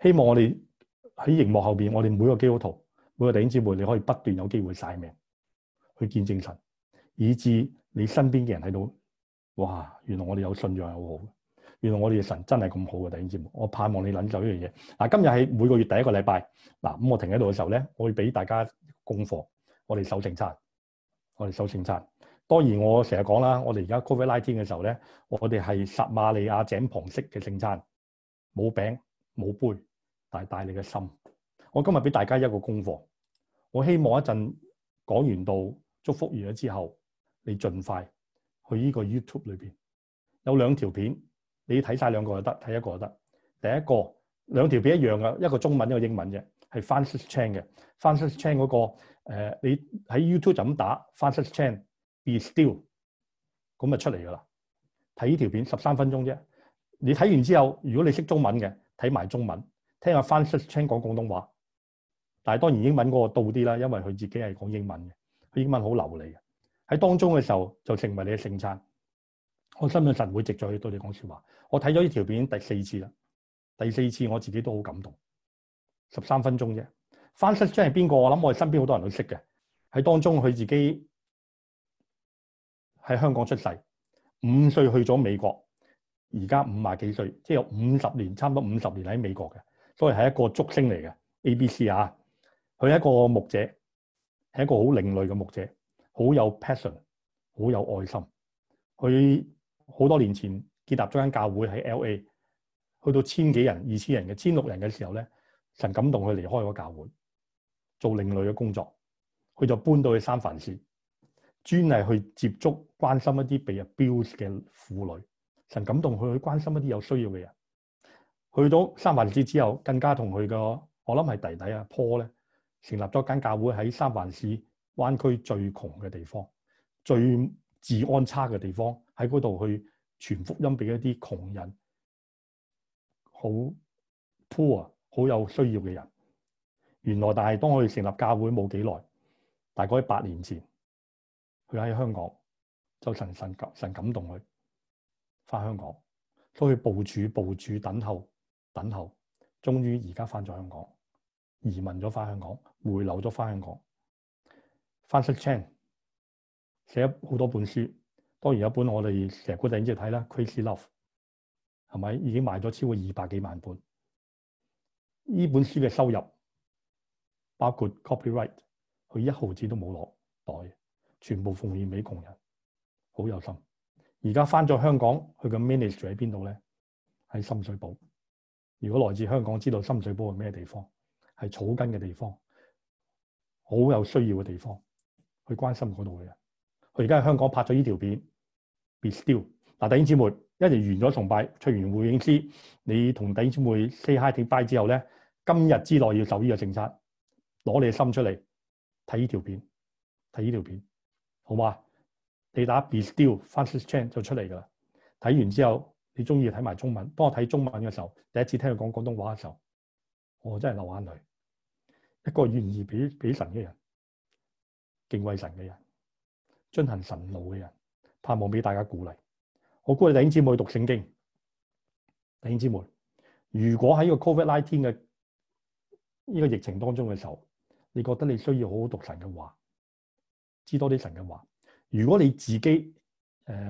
希望我哋喺熒幕後邊，我哋每個基督徒。每個弟兄姊妹，你可以不斷有機會晒命去見證神，以致你身邊嘅人睇到，哇！原來我哋有信仰係好，好，原來我哋嘅神真係咁好嘅弟兄姊妹。我盼望你諗就呢樣嘢。嗱，今日係每個月第一個禮拜，嗱咁我停喺度嘅時候咧，我會俾大家功課。我哋守聖餐，我哋守聖餐。當然我成日講啦，我哋而家 COVID-19 天嘅時候咧，我哋係撒瑪利亞井旁式嘅聖餐，冇餅冇杯，但係帶你嘅心。我今日俾大家一個功課，我希望一陣講完到祝福完咗之後，你盡快去呢個 YouTube 裏邊有兩條片，你睇晒兩個就得，睇一個就得。第一個兩條片一樣噶，一個中文一個英文啫，係 Francis Chan 嘅 Francis Chan 嗰、那個、呃、你喺 YouTube 就咁打 Francis Chan be still，咁就出嚟噶啦。睇呢條片十三分鐘啫，你睇完之後，如果你識中文嘅睇埋中文，聽下 Francis Chan 講廣東話。但係當然英文嗰個到啲啦，因為佢自己係講英文嘅，佢英文好流利嘅，喺當中嘅時候就成為你嘅聖餐。我相信神會藉著去對你講説話。我睇咗呢條片第四次啦，第四次我自己都好感動。十三分鐘啫。翻室長係邊個？我諗我哋身邊好多人都識嘅。喺當中佢自己喺香港出世，五歲去咗美國，而家五呀幾歲，即係有五十年，差唔多五十年喺美國嘅，所以係一個竹升嚟嘅。A、B、C 啊！佢係一個牧者，係一個好另類嘅牧者，好有 passion，好有愛心。佢好多年前建立咗間教會喺 L.A.，去到千幾人、二千人嘅千六人嘅時候咧，神感動佢離開嗰教會，做另類嘅工作。佢就搬到去三藩市，專係去接觸、關心一啲被 abuse 嘅婦女。神感動佢去關心一啲有需要嘅人。去到三藩市之後，更加同佢個我諗係弟弟啊，Paul 咧。Paul, 成立咗一間教會喺三藩市灣區最窮嘅地方、最治安差嘅地方，喺嗰度去傳福音俾一啲窮人、好 poor、好有需要嘅人。原來，但係當佢成立教會冇幾耐，大概喺八年前，佢喺香港就神神神感動佢翻香港，都去部署部署等候等候，終於而家翻咗香港。移民咗翻香港，回流咗翻香港。Francis Chan 寫咗好多本書，當然有一本我哋成個陣子睇啦，《Crazy Love》是是，係咪已經賣咗超過二百幾萬本？呢本書嘅收入包括 copyright，佢一毫子都冇攞袋，全部奉獻俾窮人，好有心。而家翻咗香港，佢嘅 ministry 喺邊度咧？喺深水埗。如果來自香港，知道深水埗係咩地方？係草根嘅地方，好有需要嘅地方，去關心嗰度嘅人。佢而家喺香港拍咗依條片《Be Still》。嗱，弟兄姊妹，一陣完咗崇拜，出完會影師，你同弟兄姊妹 say hi、say bye 之後咧，今日之內要受呢個政策，攞你嘅心出嚟睇呢條片，睇呢條片，好嗎？你打《Be Still》Francis Chan 就出嚟㗎啦。睇完之後，你中意睇埋中文，當我睇中文嘅時候，第一次聽佢講廣東話嘅時候。我、哦、真係流眼淚，一個願意俾俾神嘅人，敬畏神嘅人，遵行神路嘅人，盼望俾大家鼓勵。我鼓勵弟兄姊妹讀聖經。弟兄姊妹，如果喺個 Covid nineteen 嘅呢、這個疫情當中嘅時候，你覺得你需要好好讀神嘅話，知多啲神嘅話。如果你自己誒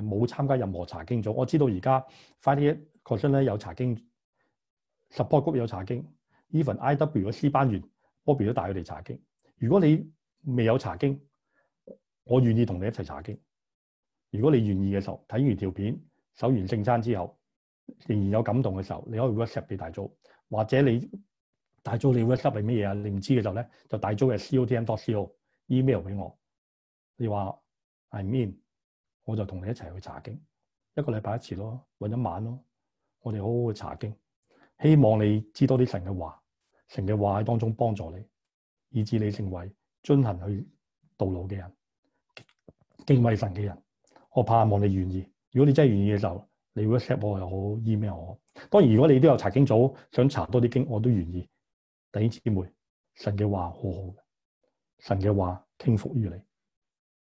冇參加任何查經組，我知道而家快啲。確實咧有查經，Support Group 有查經。Even I.W. 嗰 C 班員，Bobby 都帶佢哋查經。如果你未有查經，我願意同你一齊查經。如果你願意嘅時候，睇完條片、守完聖餐之後，仍然有感動嘅時候，你可以 WhatsApp 俾大組，或者你大組你 WhatsApp 係乜嘢啊？你唔知嘅時候咧，就大組嘅 cotm.co email 俾我。你話 I mean，我就同你一齊去查經，一個禮拜一次咯，揾一晚咯，我哋好好去查經。希望你知道多啲神嘅話，神嘅話喺當中幫助你，以至你成為遵行去道路嘅人，敬畏神嘅人。我盼望你願意，如果你真係願意嘅時候，你會 WhatsApp 我又好 email 我。當然如果你都有查經組，想查多啲經，我都願意。弟兄姊妹，神嘅話好好，神嘅話傾福於你。